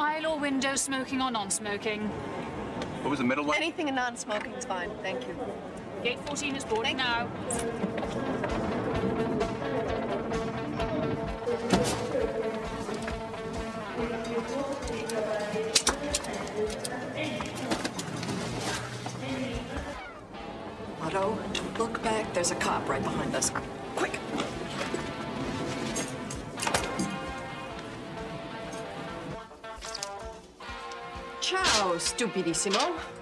Aisle or window, smoking or non-smoking? What was the middle one? Anything in non-smoking is fine, thank you. Gate 14 is boarding now. Otto, look back. There's a cop right behind us. Quick! Ciao, stupidissimo.